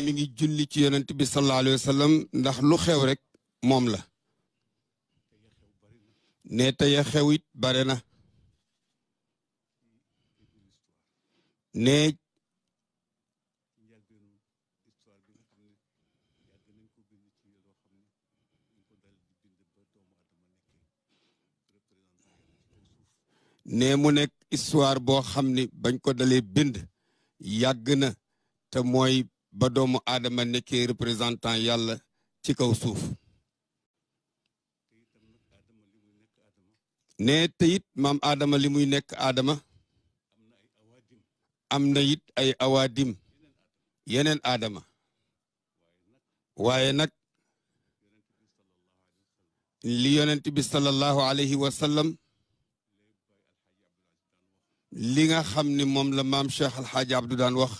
mi ngi julli ci yonent bi sallallahu alayhi ndax lu xew rek moom la ne tey xew xewit bare na ne ne mu nekk histoire boo xam ni bañ ko dale bind yàgg na te mooy ba doomu aadama nekkee représentant yàlla ci kaw suuf ne te maam aadama li muy nekk aadama am na it ay awaadim yeneen aadama waaye nag li yonent bi sallallahu alayhi wa sallam li nga xam ne moom la maam Cheikh Alxaaji Abdou daan wax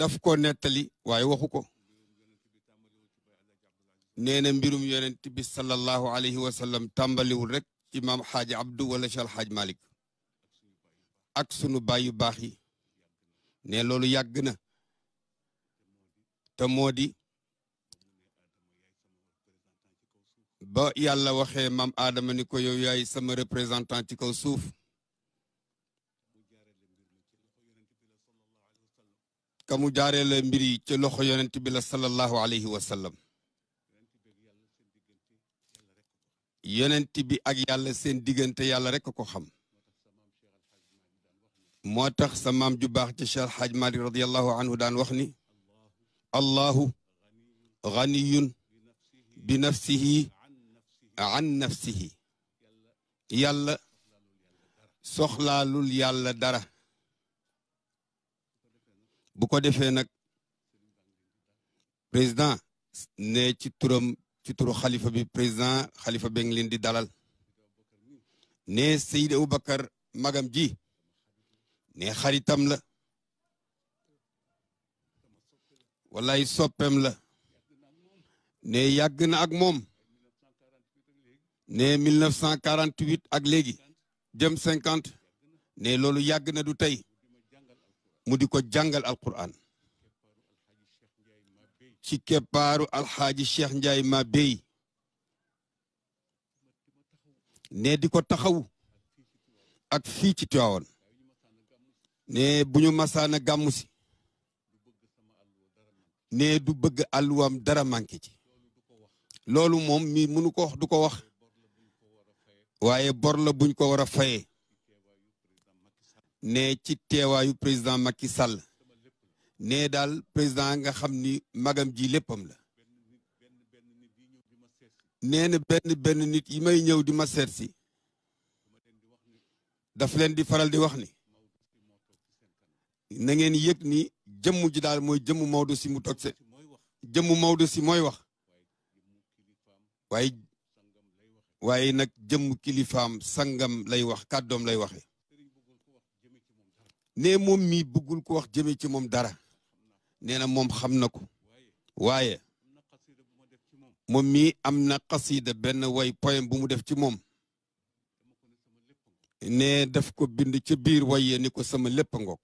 daf ko nettali waaye waxu ko nee na mbirum yonent bi sallallahu alayhi wa sallam tàmbaliwul rek ci maam xaaji abdu wala chal xaaj malik ak sunu baay yu baax yi ne loolu yàgg na te moo di ba yàlla waxee maam aadama ni ko yow yaay sama représentant ci kaw suuf ka mu jaaree la mbir yi ci loxo yonent bi la sallallahu alayhi wa sallam yonent bi ak yàlla seen diggante yàlla rek ko xam moo tax sa maam ju baax ci Cheikh Alhaaj Malik radiallahu anhu daan wax ni allahu ganiyun bi nafsihi an nafsihi yàlla soxlaalul yàlla dara bu ko defee nag président ne ci turam ci turu xalifa bi président xalifa beng leen di dalal ne Seydi Aboubacar magam ji ne xaritam la wallaay soppeem la ne yàgg na ak moom ne 1948 ak léegi jëm 50 ne loolu yàgg na du tey mu di ko jàngal alquran ci keparu alxaaji cheikh njaay ma bey ne di ko taxaw ak fii ci Tiwaawan ne bu ñu masaana gàmmu si ne du bëgg àlluwaam dara manqué ci loolu moom mi mënu ko wax du ko wax waaye bor la buñ ko war a fayee ne ci teewaayu président mag Macky Sall ne daal président nga xam ni magam ji léppam la nee na benn benn nit yi may ñëw di ma seet si daf leen di faral di wax ni na ngeen yëg ni jëmm ji daal mooy jëmm Maodo si mu toog se jëmm Maodo si mooy wax waaye waaye nag jëmm kilifaam sangam lay wax kàddoom lay waxe ne moom mii bëggul ko wax jëme ci moom dara nee na moom xam na ko waaye moom mii am na xasida benn way poème bu mu def ci moom ne def ko bind ca biir waye ni ko sama lépp ngoog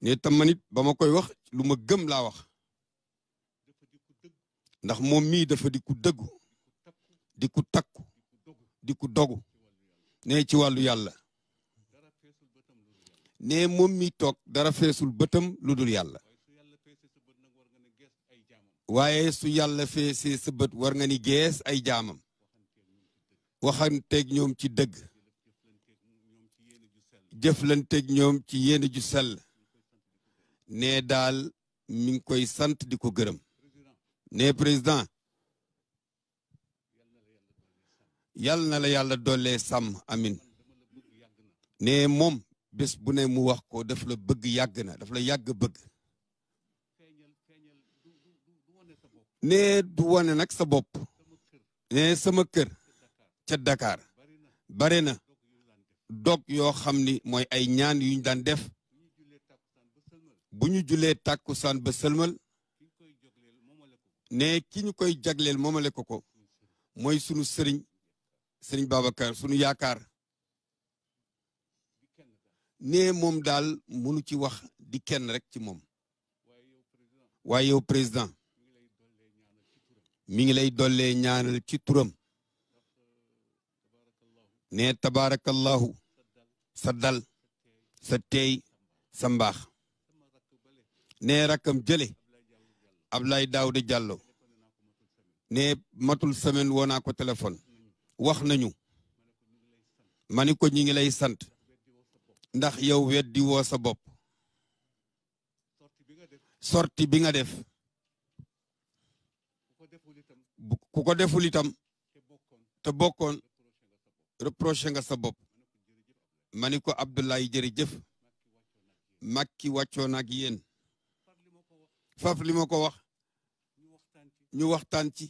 ne tamanit ba ma koy wax lu ma gëm laa wax ndax moom mii dafa di ku dëggu di ku takku di ku dogu ne ci wàllu yàlla ne moom mi toog dara feesul bëtam lu dul yàlla waaye su yàlla feesee sa bët war nga ni gees ay jaamam waxanteeg ñoom ci dëgg jëflanteeg ñoom ci yéene ju sell ne daal mi ngi koy sant di ko gërëm ne président yàlla na la yàlla doole sàmm amin ne moom bés bu ne mu wax ko daf la bëgg yàgg na daf la yàgg bëgg nee du wane nag sa bopp nee sama kër ca Dakar bare na dog yoo xam ni mooy ay ñaan yu ñu daan def bu ñu julee tàkkusaan ba sëlmal ne ki ñu koy jagleel moomale ko ko mooy sunu sëriñ sëriñ Babacar sunu yaakaar ne moom daal mënu ci wax di kenn rek ci moom waaye yow président mi ngi lay dollee ñaanal ci turam ne tabaarakallahu sa dal sa teey sa mbaax ne rakkam jële Ablaye Daouda Diallo ne matul semaine woo naa ko téléphone wax nañu ma ni ñi ngi lay sant ndax yow weddi woo sa bopp sorti bi nga def ku ko deful itam te bokkoon reproché nga sa bopp ma ni ko Abdoulaye jërëjëf Macky wàccoon ak yéen faf li ma ko wax ñu waxtaan ci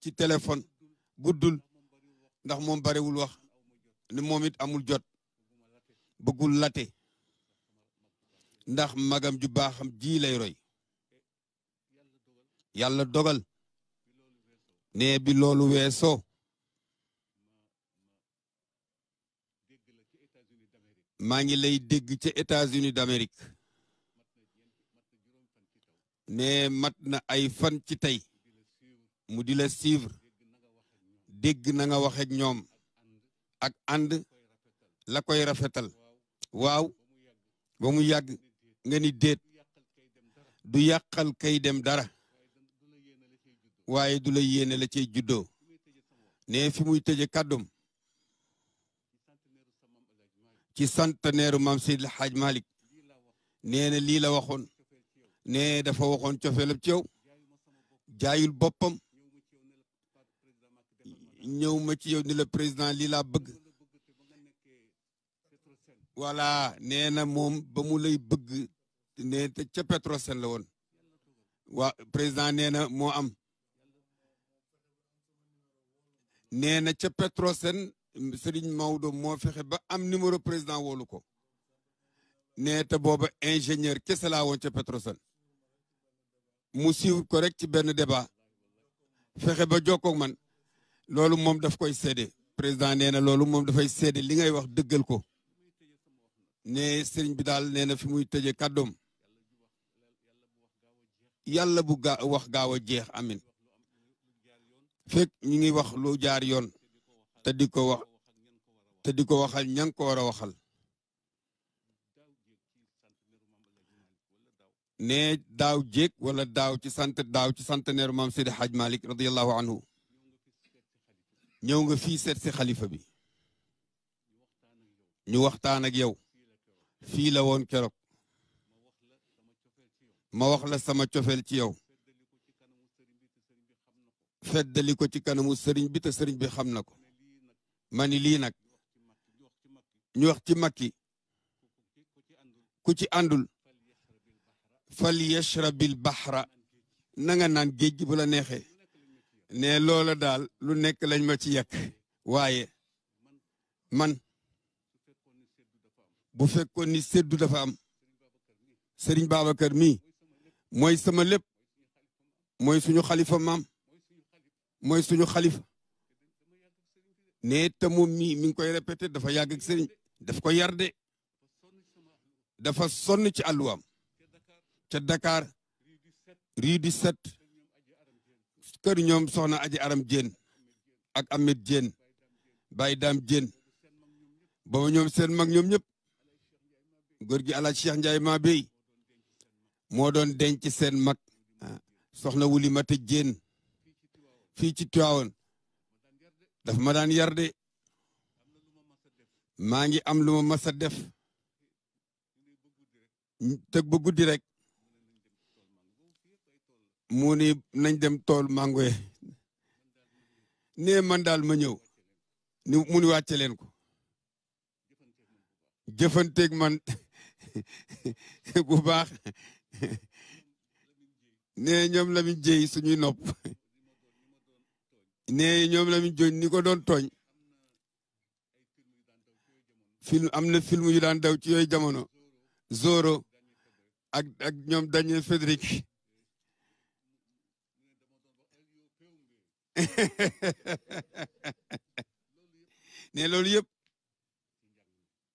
ci téléphone guddul ndax moom barewul wax ne moom it amul jot bëggul late ndax magam ju baaxam ji lay roy yàlla dogal ne bi loolu weesoo maa ngi lay dégg ca États-Unis d'Amérique ne mat na ay fan ci tey mu di la suivre dégg na nga wax ñoom ak ànd la rafetal waaw ba mu yàgg nga ni déet du yàqal kay dem dara waaye du la yéene la cay juddoo ne fi muy tëje kàddum ci centenaire maam Seydil Hadj Malick nee na lii la waxoon ne dafa waxoon cofeelam ci yow jaayul boppam ñëw ma ci yow ni la président lii laa bëgg voilà nee na moom ba mu lay bëgg ne te ca Petrosen la woon waa président nee na moo am nee na ca Petrosen Serigne Maodo moo fexe ba am numéro président woolu ko nee te booba ingénieur kese laa woon ca Petrosen mu siiw ko rek ci benn débat fexe ba jokkoog man loolu moom daf koy séede président nee na loolu moom dafay sede li ngay wax dëggal ko ne sëriñ bi daal nee na fi muy tëje kàddoom yàlla bu ga wax gaaw a jeex amin fekk ñu ngi wax lu jaar yoon te di ko wax te di ko waxal ña nga ko war a waxal ne daaw jéeg wala daaw ci sant daaw ci centenaire maam Seydi Hadj Malick radiyallahu anhu ñëw nga fii seet si xalifa bi ñu waxtaan ak yow fii la woon keroog ma wax la sama cofeel ci yow feddali ko ci kanamu sëriñ bi te sëriñ bi xam na ko ma ni lii nag ñu wax ci makki ku ci àndul fal yashrabil bahra nanga nga naan géej gi bu la neexee ne loola daal lu nekk lañ ma ci yekk waaye man bu fekkoon ni séddu dafa am sëriñ Babacar mii mooy sama lépp mooy suñu xalifa maam mooy suñu xalifa ne te moom mii mi ngi koy répété dafa yàgg ak sëriñ daf ko yar de dafa sonn ci àlluwaam ca Dakar rue du Sept kër ñoom soxna aji aram Diène ak Ahmed Diène Baye Dame Diène booba ñoom seen mag ñoom ñëpp góor gi alaaj Cheikh Ndiaye maa béy moo doon denc seen mag ah, soxna wuli ma tëj jéen fii ci Tiwaawan dafa ma daan yar de maa ngi am lu ma mas a def tëg ba guddi rek mu ni nañ dem tool mango ye ne man daal ma ñëw ni mu leen ko man bu baax nee ñoom Lamine Dieye suñuy nopp ne ñoom Lamine Dieye ni ko doon tooñ film am na film yu daan daw ci yooyu jamono Zorro ak ak ñoom Daniel Frédéric ne loolu yëpp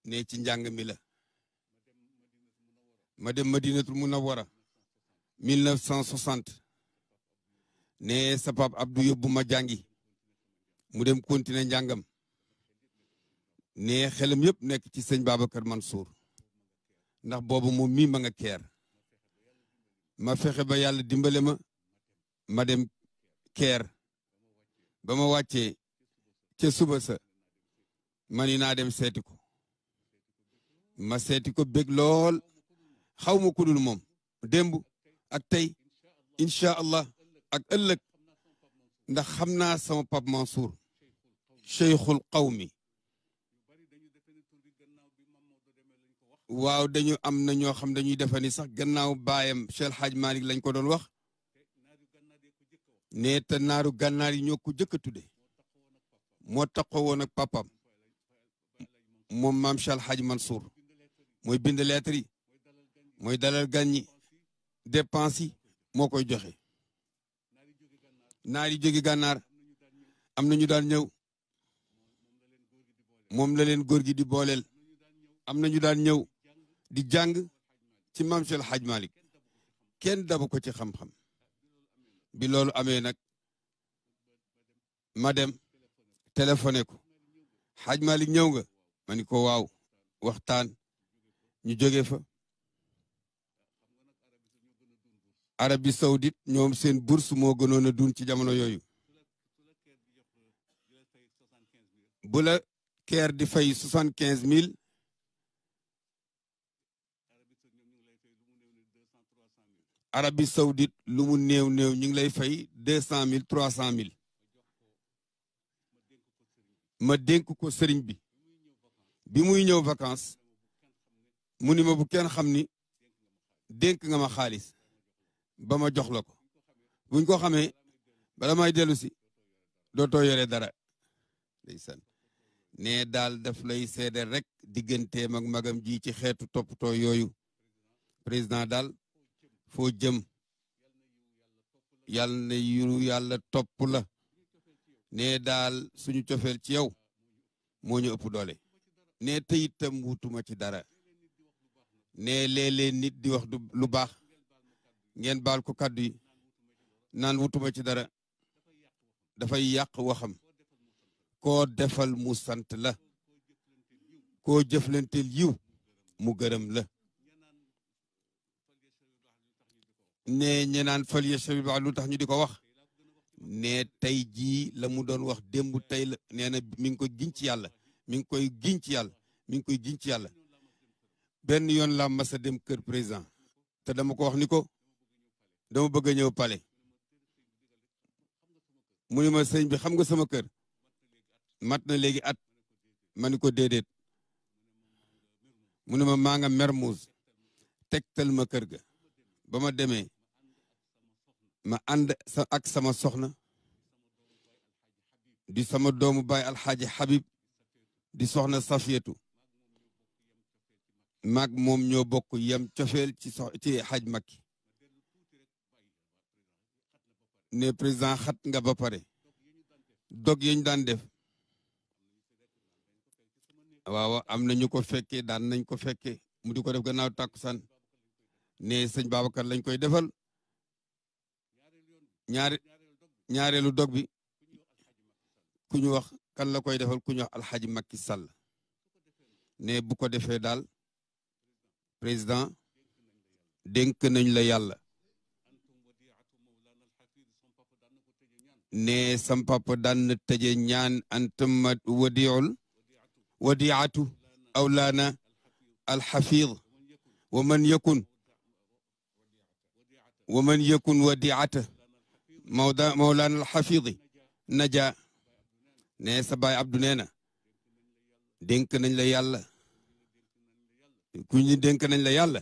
ne ci njàng mi la ma dem madinatul munawwara 1960 ne sa pap abdu yóbbu ma jàngi mu dem continuer njàngam ne xelam yëpp nekk ci sëñ Babacar Mansour ndax boobu moom mii ma nga ker ma fexe ba yàlla dimbale ma ma dem keer ba ma wàccee ca suba sa ma naa dem seeti ko ma seeti ko bég xaw ma ku dul moom démb ak tey incha allah ak ëllëg ndax xam naa sama Pape Mansour cheikhul qawmi waaw dañu am na ñoo xam dañuy defe ni sax gannaaw baayam Cheikh Hadj Malick lañ ko doon wax nee te naaru gànnaar yi ñoo ko jëkk a tudde moo taxoo woon ak papam moom maam Cheikh Hadj Mansour mooy bind lettre yi mooy dalal gan ñi dépense yi moo koy joxe naar yi jóge gànnaar am na ñu daan ñëw moom la leen góor gi di booleel am na ñu daan ñëw di jàng ci maam Seex Xaj Malik kenn daba ko ci xam-xam bi loolu amee nag ma dem téléphoné ko Xaj Malik ñëw nga ma ni waaw waxtaan ñu jóge fa Arabie Saoudite ñoom seen bourse moo gënoon a ci jamono yooyu bu la keer di fay soixante quinze mille Arabie Saoudite lu mu néew néew ñu ngi lay fay deux cent mille trois cent mille ma dénk ko sëriñ bi bi ñëw vacances mu ni ma bu kenn xam ni dénk nga xaalis ba ma jox la ko buñ ko xamee bala may dellu si dootoo dara ndeysaan daal daf lay seede rek digganteem ak magam ji ci xeetu toppatoo yooyu président daal foo jëm yàlla na yuru yàlla topp la nee daal suñu cofeel ci yow moo ñu ëpp doole nee te itam wutuma ci dara nee léeg nit di wax lu baax ngeen baal ko kàddu yi naan wutuma ci dara dafay yàq waxam koo defal mu sant la koo jëflanteel yiw mu gërëm la ne ñe naan fal yashrabi ba lu tax ñu di ko wax ne tey jii la mu doon wax démb tey la nee na mi ngi koy giñ ci yàlla mi ngi koy giñ ci yàlla mi ngi koy giñ ci yàlla benn yoon la masa dem kër président te dama ko wax ni ko dama bëgg a ñëw pale mu ni ma sëñ bi xam nga sama kër mat na léegi at ma ni ko déedéet mu ne ma maa nga Mermoz tegtal ma kër ga ba ma demee ma ànd sa ak sama soxna di sama doomu baay alxaaji Habib di soxna Safiyatu maag moom ñëw bokk yem cofeel ci ci xaaj Makki ne président xat nga ba pare dog yi ñu daan def waaw am na ñu ko fekkee daan nañ ko fekkee mu di ko def gannaaw tàkkusaan ne sëñ kan lañ koy defal ñaari ñaareelu dog bi ku ñu wax kan la koy defal ku ñu wax alxaji Macky Sall ne bu ko defee daal président dénk nañ la yàlla ne sam papa daan na tëje ñaan antamat wadiul wadiatu awlaana alxafid wa man yakun wa man yakun wadiata mawda mawlaana alxafidi naja ne sa baay abdu nee nañ la yàlla ku ñu nañ la yàlla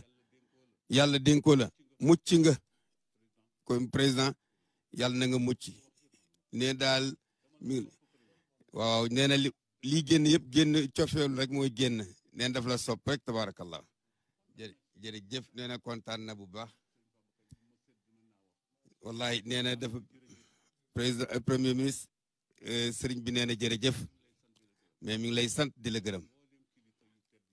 yàlla dénkoo la mucc nga comme président yàlla na nga mucc ne daal mi waaw nee na li génn yëpp génn cofeelu rek mooy génn neen daf la sopp rek tabarakallah jërë jërëjëf nee na kontaan na bu baax wallahi nee na dafa euh, premier ministre euh, sëriñ bi nee na jërëjëf mais mi ngi lay sant di la gërëm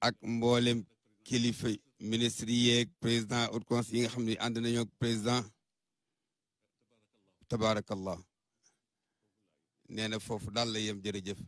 ak mboolem kilifa ministre yeeg président haut conseil yi nga xam ne ànd nañoo président tabarakallah nee na foofu daal la yem jërëjëf